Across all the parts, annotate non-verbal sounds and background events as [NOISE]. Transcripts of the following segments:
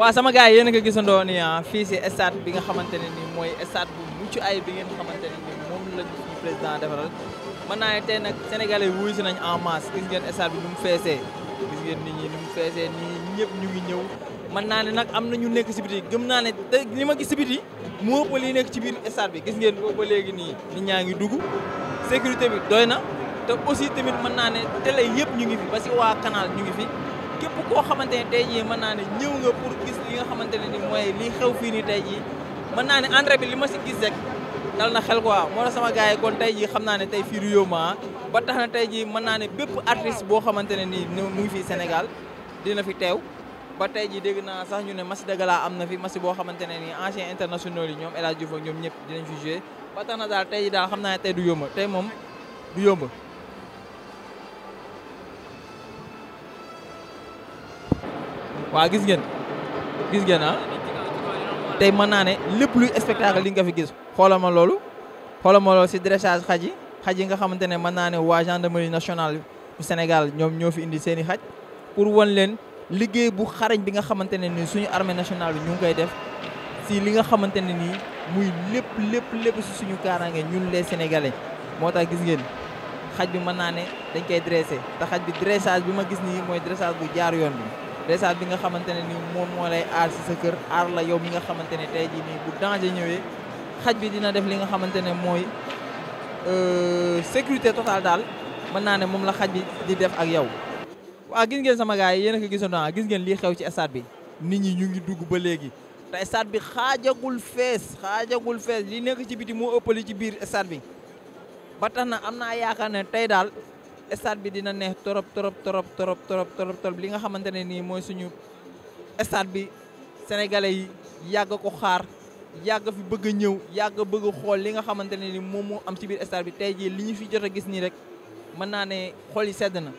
waa sama gars yi yéen a ko gisandoo ni ah fii si bi nga xamante ne nii mooy stade bu mucc ay bi ngeen xamante ne nii moom la ñu suñu président defaral mën naa ne tey nag sénégalais yi wuyu si nañ en masse gis ngeen stade bi nu mu feesee gis ngeen ñi nii ñëpp ñu ngi ñëw mën naa ne nag am na ñu nekk si biti gëm naa ne te li ma gis si biti moo ëpp li nekk ci biir stade bi gis ngeen ko ba léegi nii ñaa ngi dugg sécurité bi doy na te aussi tamit mën naa ne télé yëpp ñu ngi fi ba waa canal ñu ngi fi boo xamante ne tey jii mën naa ne ñëw nga pour gis li nga xamante ne ni mooy lii xew fii nii tey jii mën naa ne engrais bi li ma si gis rek dal na xel ko moo tax sama gars yi kon tey jii xam naa ne tey fii du yomb ah. ba tax na tey jii mën naa ne bépp artiste boo xamante ne nii mu ngi fii Sénégal dina fi teew ba tey jii dégg naa sax ñu ne Massi Dagala am na fi Massi boo xamante ne nii ancien internationaux yi ñoom El Hadj Diouf ak ñoom ñëpp dinañ fi joué ba tax na daal tey daal xam naa ne du yomb tey moom du yomb waa gis ngeen gis ngeen ah tey mën naa ne lépp luy spectacle li nga fi gis xoolal ma loolu xoolal ma loolu si dressage xaj yi xaj yi nga xamante ne mën naa ne waa gendarmerie nationale bu Sénégal ñoom ñoo fi indi seen i xaj pour wan leen liggéey bu xarañ bi nga xamante ne nii suñu armee nationale bi ñu ngi koy def si li nga xamante ne nii muy lépp lépp lépp si suñu kaaraange ñun les sénégalais moo tax gis ngeen xaj bi mën naa ne dañ koy dressé te xaj bi dressage bi ma gis nii mooy dressage bu jaar yoon bi dèjà bi nga xamante ne ni moom moo lay aar si sa kër aar la yow mi nga xamante ne tey jii nii bu danger ñëwee xaj bi dina def li nga xamante ne mooy euh, sécurité totale daal mën naa ne moom la xaj bi di def ak yow. waa gis ngeen sama gars yi yéen a ko gisandoo gis ngeen lii xew ci stade bi nit ñi ñu ngi dugg ba léegi te stade bi xaajagul fees xaajagul fees li nekk ci biti moo ëppali ci biir stade bi ba tax na am naa yaakaar ne tey daal. stade bi dina neex torop torop torop torop torop torop li nga xamante ne nii mooy suñu stade bi sénégalais yi yàgg ko xaar yàgg fi bëgg ñëw yàgg bëgg xool li nga xamante ne ni moom moo am ci biir stade bi tey jii li ñu fi jot a gis nii rek mën naa ne xool yi sedd na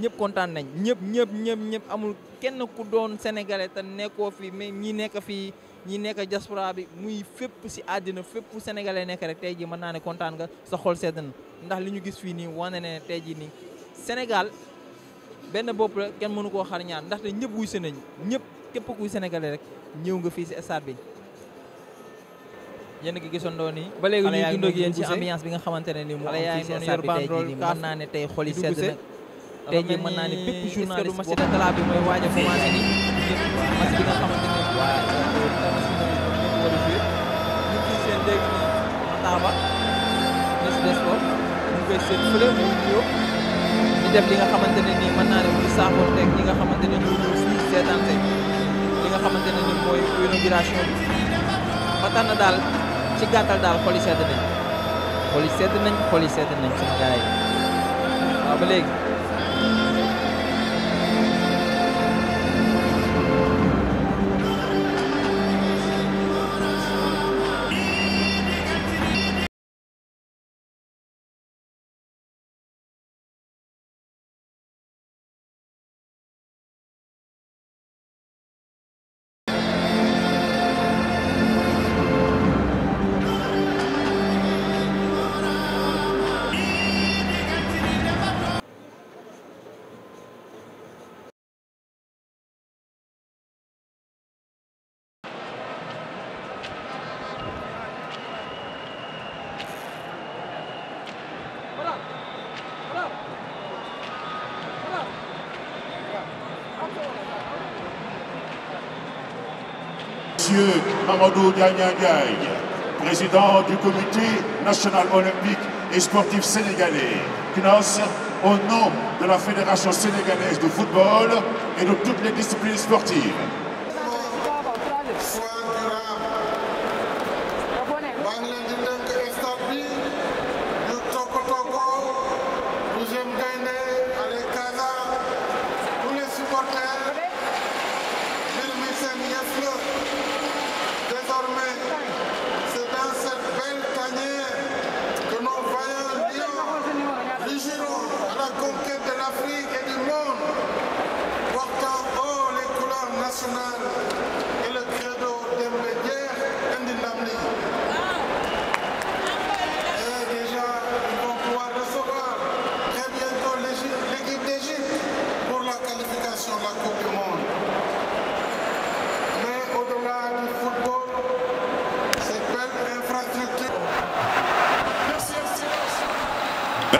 ñëpp kontaan nañ ñëpp ñëpp ñëpp ñëpp amul kenn ku doon sénégalais te nekkoo fi mais ñi nekk fii ñi nekk diaspora bi muy fépp si àddina fépp fu sénégalais nekk rek tey jii mën naa ne kontaan nga sa xol sedd na ndax li ñu gis fii nii wane ne tey jii nii Sénégal benn bopp la kenn mënu koo xar ñaar ndaxte ñëpp wuy se nañ ñëpp képp kuy sénégalais rek ñëw nga fii si stade bi. yéen ki ngi gisandoo nii ba léegi ñuy dund ak yéen ci ambiance bi nga xamante ne nii mu am fii si naa ne tey xol yi sedd na tey jii mën naa ne bépp journaliste boo xam ne bi mooy waaj a commencé nii masque nga xamante ne en bas gis des foofu ñu koy seet fële mu nuyoo def li nga xamante ne nii man naa ne di saafoon teg ñi nga xamante ne ñoo ñëw seetaan tey li nga xamante ne nii mooy inauguration bi ba tax na daal ci gàttal daal xol yi sedd nañ xol yi nañ xol yi sedd nañ suñu gars ba léegi Monsieur Mamadou Diagnagay, président du comité national olympique et sportif sénégalais, CNOS, au nom de la Fédération sénégalaise de football et de toutes les disciplines sportives,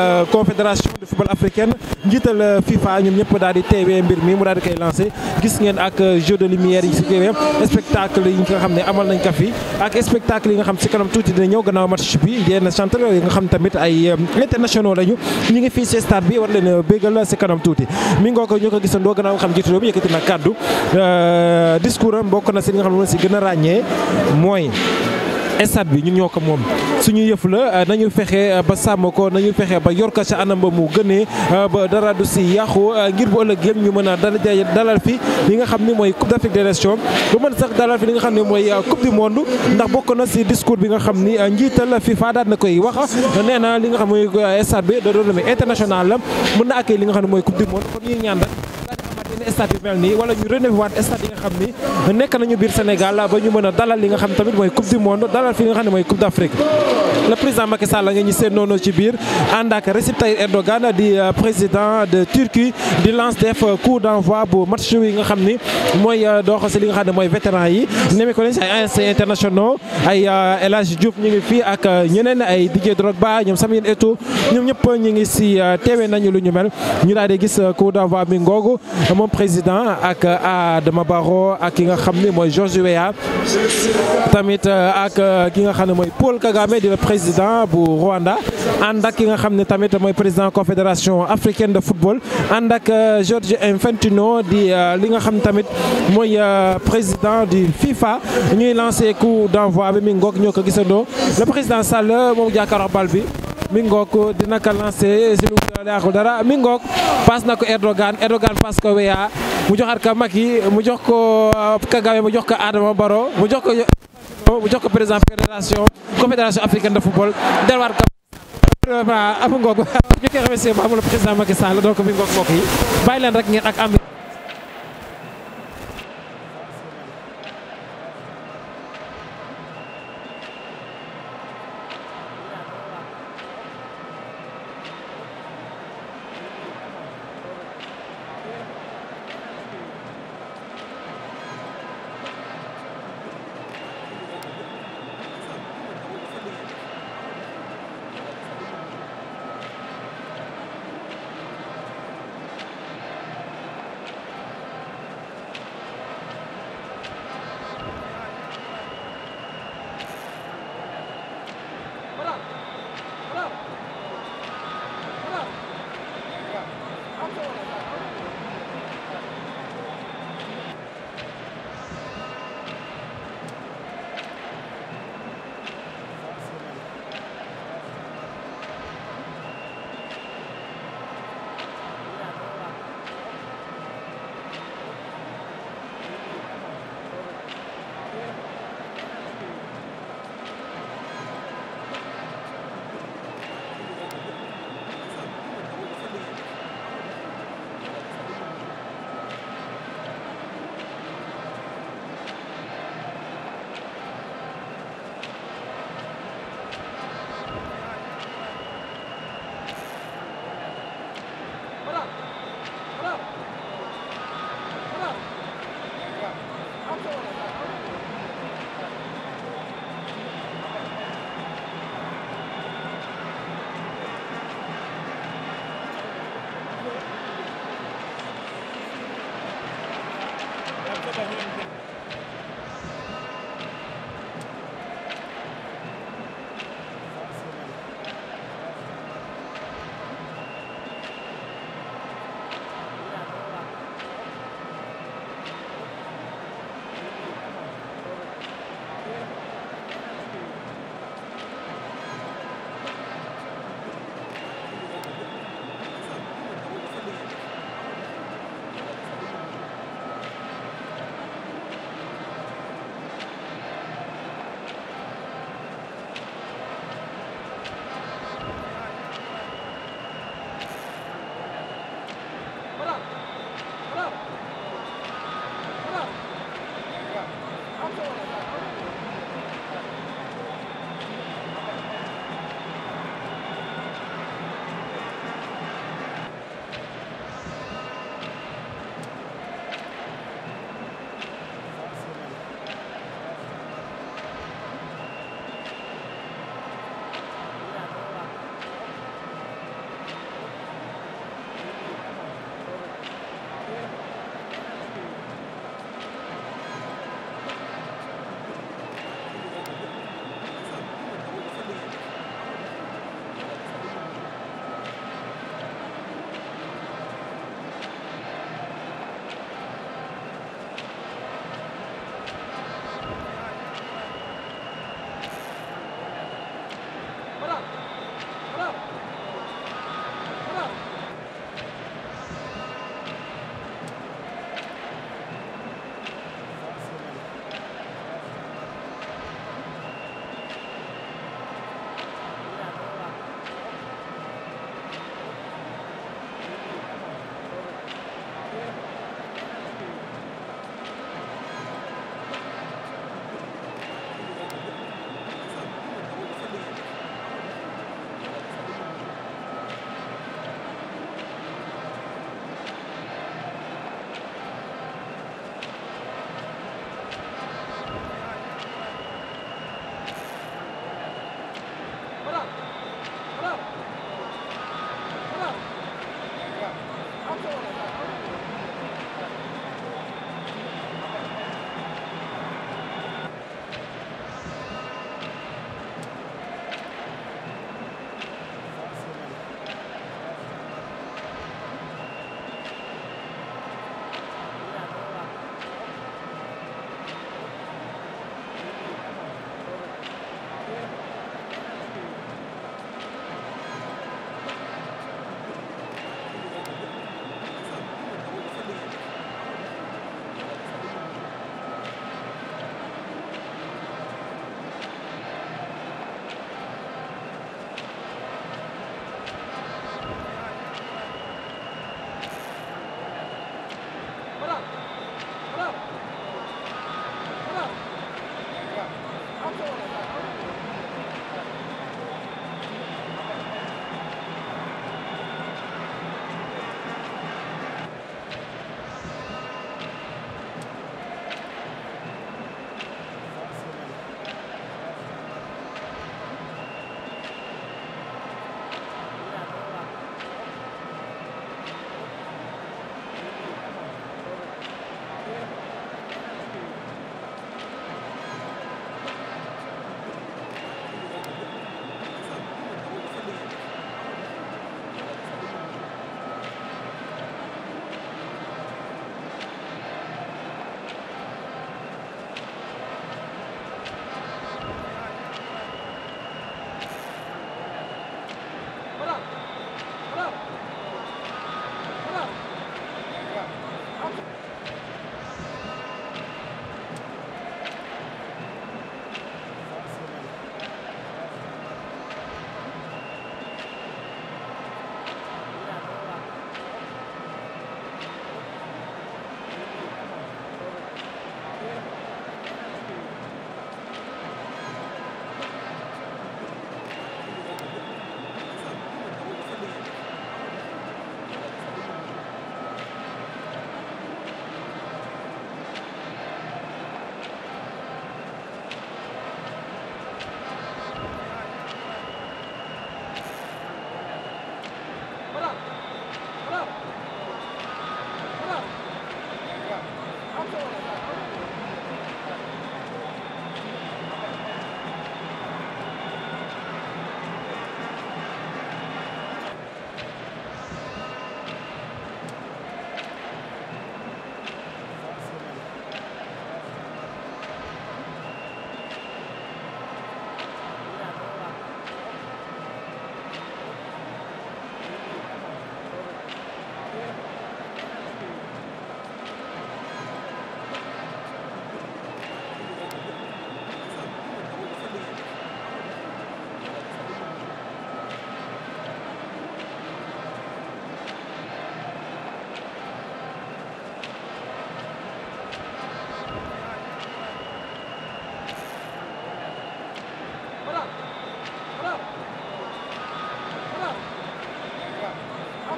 Euh, confédération de football africaine njiital euh, FIFA ñoom ñëpp daal di teewee mbir mi mu daal di koy lancé gis ngeen ak euh, jeu de lumière yi si teewee spectacle yi nga xam ne amal nañ ko fi ak spectacle yi nga xam si kanam tuuti dina ñëw gannaaw match bi yenn chanteur yi nga xam tamit ay internationaux lañu ñu ngi fii si stade bi war leen bégal si kanam tuuti mi ngoo ko ñu ko gisandoo gannaaw nga xam jiitu réew mi yëkkati na kàddu discours am bokk na si si gën a ràññee mooy stade bi ñun ñoo ko moom suñu yëf la nañu fexe euh, ba sàmm ko nañu fexe ba yor ko ca anam ba mu gënee euh, ba dara du si yàqu euh, ngir bu ëllëg yëpp ñu mën a dalal fi li nga xam ni mooy Coupe d'Afrique des Nations sax dalal fi li xam ne mooy Coupe du Monde ndax bokk na si discours bi nga xam ni njiital FIFA daal na koy wax nee naa li nga xam mooy stade bi da mën na li nga xam ne mooy Coupe du Monde kon ñuy ñaan stade yu mel nii wala ñu renouveler waat stade yi nga xam ni nekk nañu biir Sénégal ba ñu mën dalal li nga xam tamit mooy coupe du monde dalal fi nga xam ne mooy coupe d'Afrique le président Macky Sall nga ñu seen noonu ci biir ànd ak Recep Erdogan di euh, président de Turquie di lance def euh, coup d'envoi bu match yi nga xam ni mooy euh, dox si li nga xam ne mooy vétéran yi nemee ko leen si ay ANC internationaux ay ñu ngi fii ak ñeneen ay Didier Drogba ñoom Samuel Eto'o ñoom ñëpp ñu ngi si teewee nañu lu ñu mel ñu daal di gis coup d'envoi bi président ak euh, Adama Barrow ak ki nga xam ni mooy George Weah tamit euh, ak euh, ki nga xam ne mooy Paul Kagame di le président bu Rwanda ànd ak ki nga xam ne tamit mooy président confédération africaine de football ànd ak George Infantino di li nga xam tamit mooy président du FIFA ñuy lancé ku d'envoi bi mi ngoog ñoo ko gisandoo le président Sall moom jàkkaaroo bal bi. mi ngook dina ka lancé si lugula leyaxul dara mi ngook paas na ko Erdogan Erdogan paas ko weya mu joxaat ka Macky mu jox ko euh, Kagame mu jox ko Adama Barrow mu jox ko mu jox ko président fédération confédération africaine de football delwaat ka vraiment am ngook [LAUGHS] mi ngook mbokk yi bàyyi leen rek ngeen ak am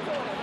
Thank you.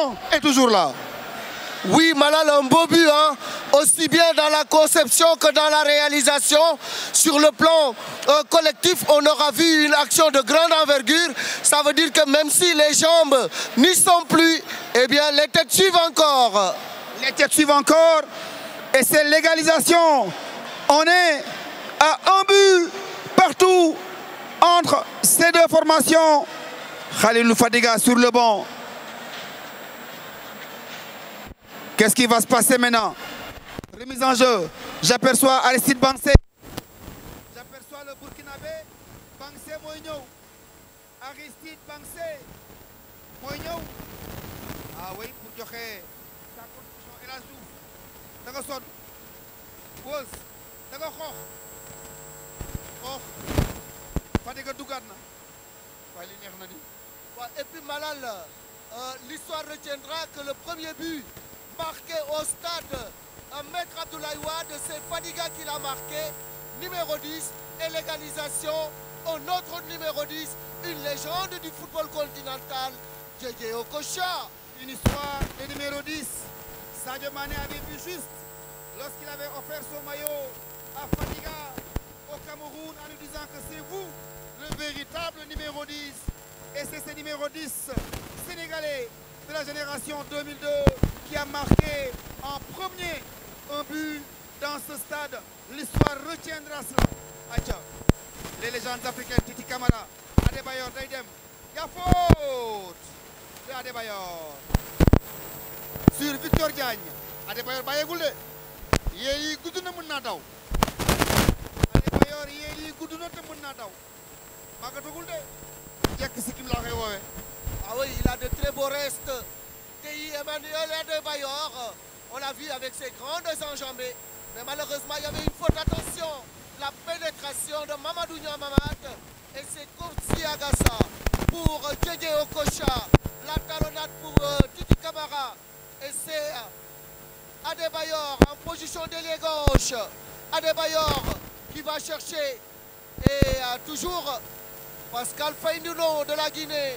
Lyon est toujours là. Oui, Malal un beau but, aussi bien dans la conception que dans la réalisation. Sur le plan euh, collectif, on aura vu une action de grande envergure. Ça veut dire que même si les jambes n'y sont plus, eh les têtes suivent encore. et c'est l'égalisation. On est à un but partout entre ces deux formations. Khalilou Fadiga sur le banc. Qu'est-ce qui va se passer maintenant Remise en jeu. J'aperçois Aristide Bansé. J'aperçois le Burkinabé. Bansé mooy ñëw. Aristide Bansé mooy ñëw. Ah oui, pour joxe sa contribution El Hadj Diouf da nga sonn. Wos da nga xoox. Xoox. Fadiga dugaat na. Euh, que le premier but marqué au stade Maître Abdoulaye Wade, c'est Fadiga qui l'a marqué. Numéro et l'égalisation. Un autre numéro une légende du football continental, Diego Okocha. Une histoire de numéro 10. Sadio avait vu juste lorsqu'il avait offert son maillot à Fadiga au Cameroun en lui disant que c'est vous le véritable numéro Et c'est ce numéro 10 de la génération 2002 qui a marqué en premier un but dans ce stade. L'histoire retiendra cela. Aïcha, les légendes africaines, Titi Kamara, Adebayor, Daidem, il y Sur Victor Diagne, Adebayor bàyyeegul de. yéen yi gudd na naa daw. Adebayor yéen yi gudd naa daw. jekk sikkim laa koy woowee. Ah oui, a de très beaux restes. TI Emmanuel est On l'a vu avec ses grandes enjambées. malheureusement, il avait une faute. Attention, la pénétration de Mamadou Niamamat et ses courtiers Agassa pour Djedje Okocha. La talonnade pour euh, Et c'est euh, Adebayor en position d'ailier gauche. Adebayor qui va chercher. Et euh, toujours Pascal Fainduno de la Guinée.